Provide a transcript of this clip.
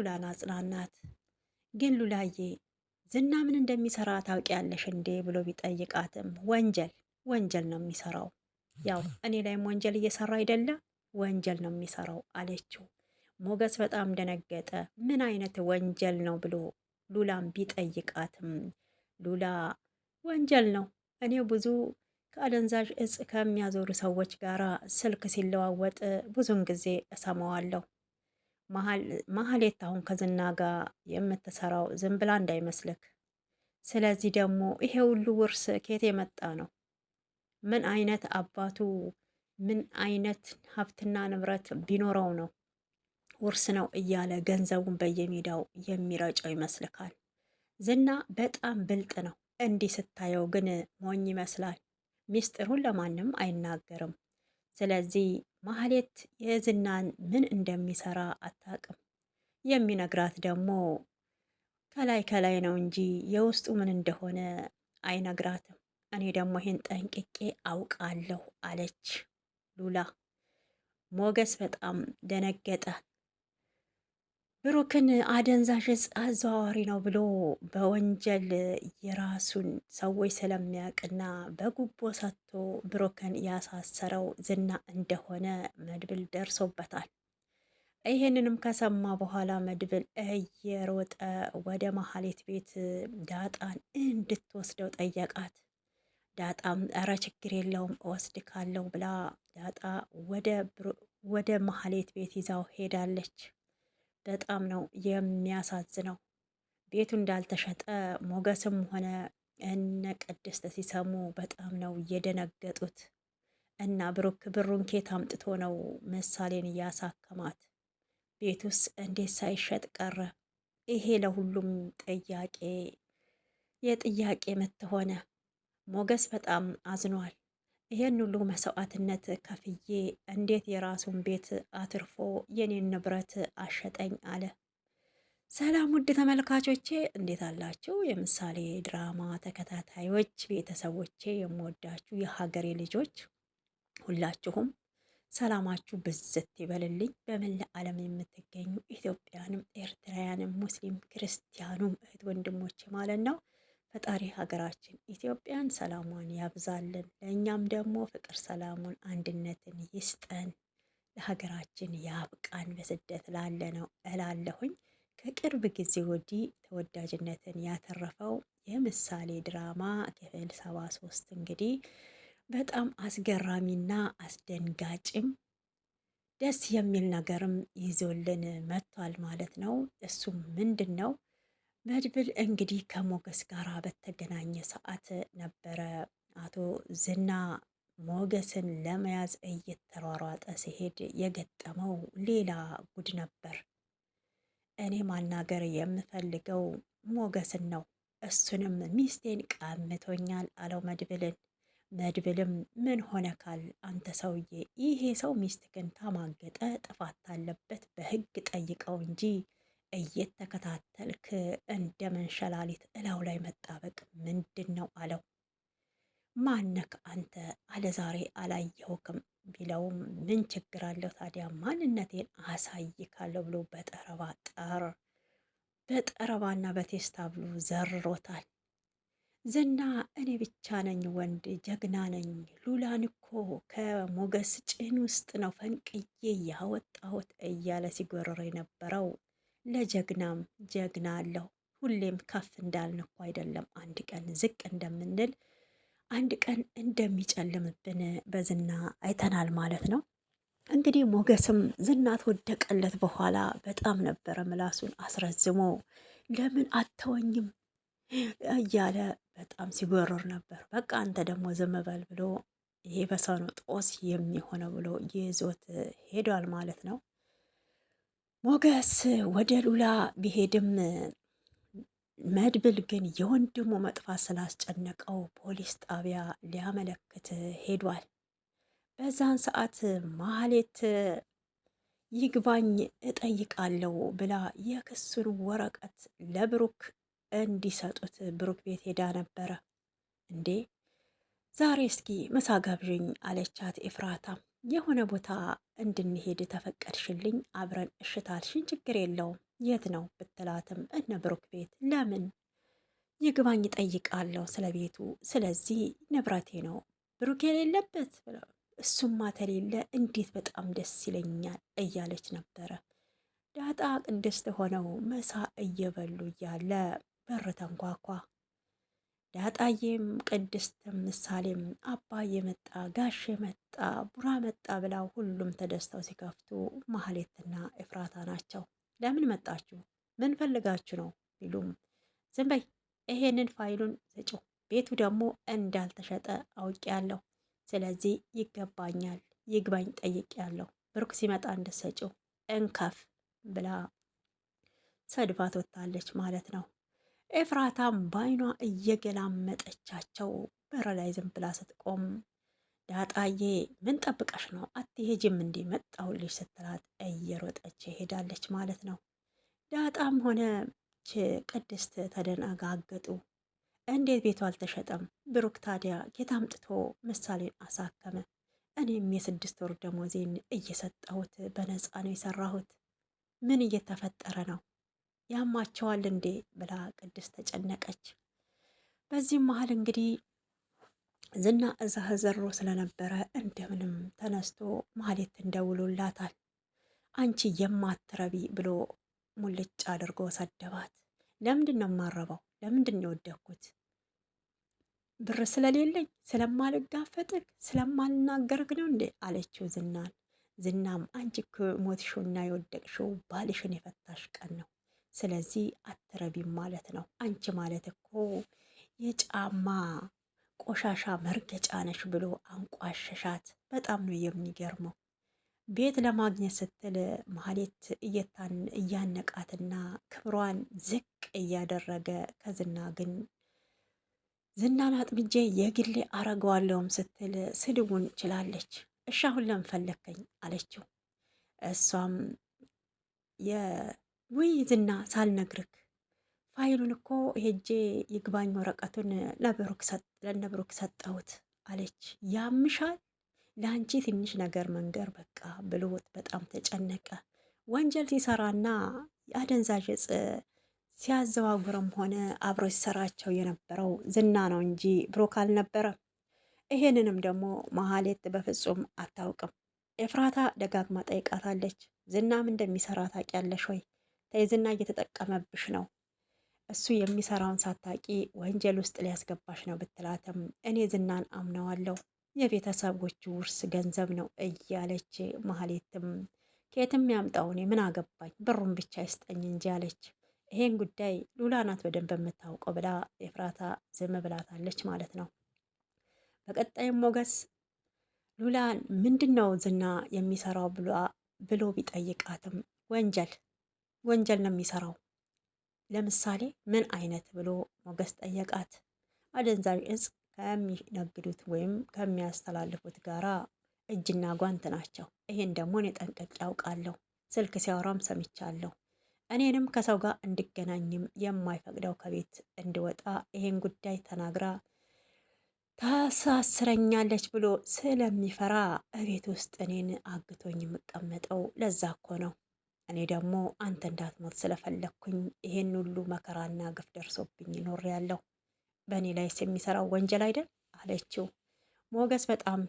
ሉላን አጽናናት። ግን ሉላዬ ዝና ምን እንደሚሰራ ታውቂያለሽ እንዴ ብሎ ቢጠይቃትም ወንጀል ወንጀል ነው የሚሰራው፣ ያው እኔ ላይም ወንጀል እየሰራ አይደለ ወንጀል ነው የሚሰራው አለችው። ሞገስ በጣም ደነገጠ። ምን አይነት ወንጀል ነው ብሎ ሉላን ቢጠይቃትም ሉላ ወንጀል ነው እኔ ብዙ ከአደንዛዥ እጽ ከሚያዞሩ ሰዎች ጋር ስልክ ሲለዋወጥ ብዙን ጊዜ እሰማዋለሁ። ማህሌት አሁን ከዝና ጋር የምትሰራው ዝም ብላ እንዳይመስልክ። ስለዚህ ደግሞ ይሄ ሁሉ ውርስ ከየት የመጣ ነው? ምን አይነት አባቱ ምን አይነት ሀብትና ንብረት ቢኖረው ነው ውርስ ነው እያለ ገንዘቡን በየሜዳው የሚረጨው ይመስልካል? ዝና በጣም ብልጥ ነው። እንዲህ ስታየው ግን ሞኝ ይመስላል። ሚስጥሩን ለማንም አይናገርም። ስለዚህ ማህሌት የዝናን ምን እንደሚሰራ አታውቅም። የሚነግራት ደግሞ ከላይ ከላይ ነው እንጂ የውስጡ ምን እንደሆነ አይነግራትም። እኔ ደግሞ ይህን ጠንቅቄ አውቃለሁ አለች ሉላ። ሞገስ በጣም ደነገጠ። ብሩክን አደንዛዥ አዘዋዋሪ ነው ብሎ በወንጀል የራሱን ሰዎች ስለሚያውቅና በጉቦ ሰጥቶ ብሩክን ያሳሰረው ዝና እንደሆነ መድብል ደርሶበታል። ይህንንም ከሰማ በኋላ መድብል እየሮጠ ወደ መሀሌት ቤት ዳጣን እንድትወስደው ጠየቃት። ዳጣም እረ ችግር የለውም እወስድካለሁ ብላ ዳጣ ወደ መሀሌት ቤት ይዛው ሄዳለች። በጣም ነው የሚያሳዝነው። ቤቱ እንዳልተሸጠ ሞገስም ሆነ እነ ቅድስት ሲሰሙ በጣም ነው የደነገጡት። እና ብሩክ ብሩን ኬት አምጥቶ ነው ምሳሌን እያሳከማት? ቤቱስ እንዴት ሳይሸጥ ቀረ? ይሄ ለሁሉም ጥያቄ የጥያቄ ምት ሆነ። ሞገስ በጣም አዝኗል። ይሄን ሁሉ መስዋዕትነት ከፍዬ እንዴት የራሱን ቤት አትርፎ የኔን ንብረት አሸጠኝ አለ። ሰላም ውድ ተመልካቾቼ እንዴት አላችሁ? የምሳሌ ድራማ ተከታታዮች ቤተሰቦቼ፣ የምወዳችሁ የሀገሬ ልጆች ሁላችሁም ሰላማችሁ ብዝት ይበልልኝ። በመለ ዓለም የምትገኙ ኢትዮጵያንም፣ ኤርትራያንም፣ ሙስሊም ክርስቲያኑም እህት ወንድሞቼ ማለት ነው ፈጣሪ ሀገራችን ኢትዮጵያን ሰላሟን ያብዛልን። ለእኛም ደግሞ ፍቅር፣ ሰላሙን፣ አንድነትን ይስጠን። ለሀገራችን ያብቃን። በስደት ላለ ነው እላለሁኝ። ከቅርብ ጊዜ ወዲህ ተወዳጅነትን ያተረፈው የምሳሌ ድራማ ክፍል ሰባ ሶስት እንግዲህ በጣም አስገራሚና አስደንጋጭም ደስ የሚል ነገርም ይዞልን መጥቷል ማለት ነው። እሱም ምንድን ነው? መድብል እንግዲህ ከሞገስ ጋር በተገናኘ ሰዓት ነበረ አቶ ዝና ሞገስን ለመያዝ እየተሯሯጠ ሲሄድ የገጠመው ሌላ ጉድ ነበር። እኔ ማናገር የምፈልገው ሞገስን ነው። እሱንም ሚስቴን ቀምቶኛል አለው መድብልን። መድብልም ምን ሆነካል አንተ ሰውዬ፣ ይሄ ሰው ግን ታማገጠ ጥፋት አለበት፣ በህግ ጠይቀው እንጂ እየተከታተልክ እንደ መንሸላሊት እላው ላይ መጣበቅ ምንድን ነው አለው። ማነክ አንተ አለ ዛሬ አላየሁክም ቢለውም ምን ችግር አለው ታዲያ ማንነቴን አሳይካለሁ ብሎ በጠረባ ጠር በጠረባና በቴስታ ብሎ ዘርሮታል። ዝና እኔ ብቻ ነኝ ወንድ ጀግና ነኝ። ሉላን እኮ ከሞገስ ጭን ውስጥ ነው ፈንቅዬ ያወጣሁት እያለ ሲጎረር የነበረው ለጀግናም ጀግና አለው። ሁሌም ከፍ እንዳልን እኮ አይደለም አንድ ቀን ዝቅ እንደምንል አንድ ቀን እንደሚጨልምብን በዝና አይተናል ማለት ነው። እንግዲህ ሞገስም ዝና ተወደቀለት በኋላ በጣም ነበረ ምላሱን አስረዝሞ ለምን አተወኝም እያለ በጣም ሲጎረር ነበር። በቃ አንተ ደግሞ ዝም በል ብሎ ይሄ በሰኑ ጦስ የሚሆነው ብሎ ይዞት ሄዷል ማለት ነው። ሞገስ ወደ ሉላ ቢሄድም መድብል ግን የወንድሙ መጥፋት ስላስጨነቀው ፖሊስ ጣቢያ ሊያመለክት ሄዷል። በዛን ሰዓት ማህሌት ይግባኝ እጠይቃለሁ ብላ የክሱን ወረቀት ለብሩክ እንዲሰጡት ብሩክ ቤት ሄዳ ነበረ። እንዴ ዛሬ እስኪ ምሳ ጋብዥኝ አለቻት ኤፍራታም የሆነ ቦታ እንድንሄድ ተፈቀድሽልኝ፣ አብረን እሽታልሽን ችግር የለውም የት ነው ብትላትም እነ ብሩክ ቤት ለምን ይግባኝ ጠይቃለሁ ስለ ቤቱ፣ ስለዚህ ንብረቴ ነው ብሩክ የሌለበት እሱማ ተሌለ እንዴት በጣም ደስ ይለኛል እያለች ነበረ። ዳጣ ቅድስት ሆነው መሳ እየበሉ እያለ በር ተንኳኳ። ዳጣዬም ቅድስትም ምሳሌም አባ መጣ ጋሽ መጣ ቡራ መጣ ብላ ሁሉም ተደስተው ሲከፍቱ ማህሌትና እፍራታ ናቸው። ለምን መጣችሁ? ምን ፈልጋችሁ ነው? ቢሉም ዝም በይ ይሄንን ፋይሉን ስጭው፣ ቤቱ ደግሞ እንዳልተሸጠ አውቄያለሁ። ስለዚህ ይገባኛል፣ ይግባኝ ጠይቄያለሁ። ብሩክ ሲመጣ እንድትሰጭው እንከፍ ብላ ሰድፋት ወታለች ማለት ነው። ኤፍራታም ባይኗ እየገላመጠቻቸው በር ላይ ዝም ብላ ስትቆም ዳጣዬ ምን ጠብቀሽ ነው አትሄጂም? እንዲህ መጣሁልሽ ስትላት እየሮጠች ሄዳለች ማለት ነው። ዳጣም ሆነ ቅድስት ተደነጋገጡ። እንዴት ቤቱ አልተሸጠም? ብሩክ ታዲያ ጌታ አምጥቶ ምሳሌን አሳከመ። እኔም የስድስት ወር ደሞዜን እየሰጠሁት በነፃ ነው የሰራሁት። ምን እየተፈጠረ ነው? ያማቸዋል እንዴ ብላ ቅድስት ተጨነቀች። በዚህም መሀል እንግዲህ ዝና እዛ ዘሮ ስለነበረ እንደምንም ተነስቶ ማህሌትን እንደውሎላታል? አንቺ የማትረቢ ብሎ ሙልጭ አድርጎ ሰደባት። ለምንድን ነው የማረባው? ለምንድን ነው የወደኩት? ብር ስለሌለኝ ስለማልጋፈጥህ ስለማልናገርህ ነው እንዴ አለችው ዝናን። ዝናም አንቺ እኮ ሞትሽና የወደቅሽው ባልሽን የፈታሽ ቀን ነው ስለዚህ አትረቢም ማለት ነው። አንቺ ማለት እኮ የጫማ ቆሻሻ መርገጫ ነሽ ብሎ አንቋሸሻት። በጣም ነው የሚገርመው። ቤት ለማግኘት ስትል ማህሌት እየታን እያነቃትና ክብሯን ዝቅ እያደረገ ከዝና ግን ዝናን አጥምጄ የግሌ አረገዋለሁም ስትል ስድቡን ችላለች። እሺ አሁን ለምን ፈለከኝ አለችው። እሷም ውይ ዝና ሳልነግርክ ፋይሉን እኮ ሄጄ ይግባኝ ወረቀቱን ለነብሩክ ሰጠሁት አለች። ያምሻል ለአንቺ ትንሽ ነገር መንገር በቃ ብሎት በጣም ተጨነቀ። ወንጀል ሲሰራና አደንዛዥ እጽ ሲያዘዋውርም ሆነ አብሮ ሲሰራቸው የነበረው ዝና ነው እንጂ ብሩክ አልነበረም። ይሄንንም ደግሞ መሀሌት በፍጹም አታውቅም። ኤፍራታ ደጋግማ ጠይቃታለች። ዝናም እንደሚሰራ ታውቂያለሽ ወይ? ተይዝና እየተጠቀመብሽ ነው እሱ የሚሰራውን ሳታቂ ወንጀል ውስጥ ሊያስገባሽ ነው ብትላትም እኔ ዝናን አምነዋለሁ የቤተሰቦቹ ውርስ ገንዘብ ነው እያለች መሀሌትም ከየትም ያምጣው እኔ ምን አገባኝ ብሩን ብቻ ይስጠኝ እንጂ አለች። ይሄን ጉዳይ ሉላ ናት በደንብ የምታውቀው ብላ የፍራታ ዝም ብላታለች ማለት ነው። በቀጣይም ሞገስ ሉላን ምንድን ነው ዝና የሚሰራው ብሎ ቢጠይቃትም ወንጀል ወንጀል ነው የሚሰራው። ለምሳሌ ምን አይነት ብሎ ሞገስ ጠየቃት። አደንዛዥ እጽ ከሚነግዱት ወይም ከሚያስተላልፉት ጋራ እጅና ጓንት ናቸው። ይህን ደግሞ እኔ ጠንቅቄ ያውቃለሁ። ስልክ ሲያወራም ሰምቻለሁ። እኔንም ከሰው ጋር እንድገናኝም የማይፈቅደው ከቤት እንድወጣ ይህን ጉዳይ ተናግራ ታሳስረኛለች ብሎ ስለሚፈራ እቤት ውስጥ እኔን አግቶኝ የምቀመጠው ለዛ እኮ ነው። እኔ ደግሞ አንተ እንዳትሞት ስለፈለግኩኝ ይሄን ሁሉ መከራና ግፍ ደርሶብኝ ኖር ያለው በእኔ ላይ የሚሰራው ወንጀል አይደል አለችው። ሞገስ በጣም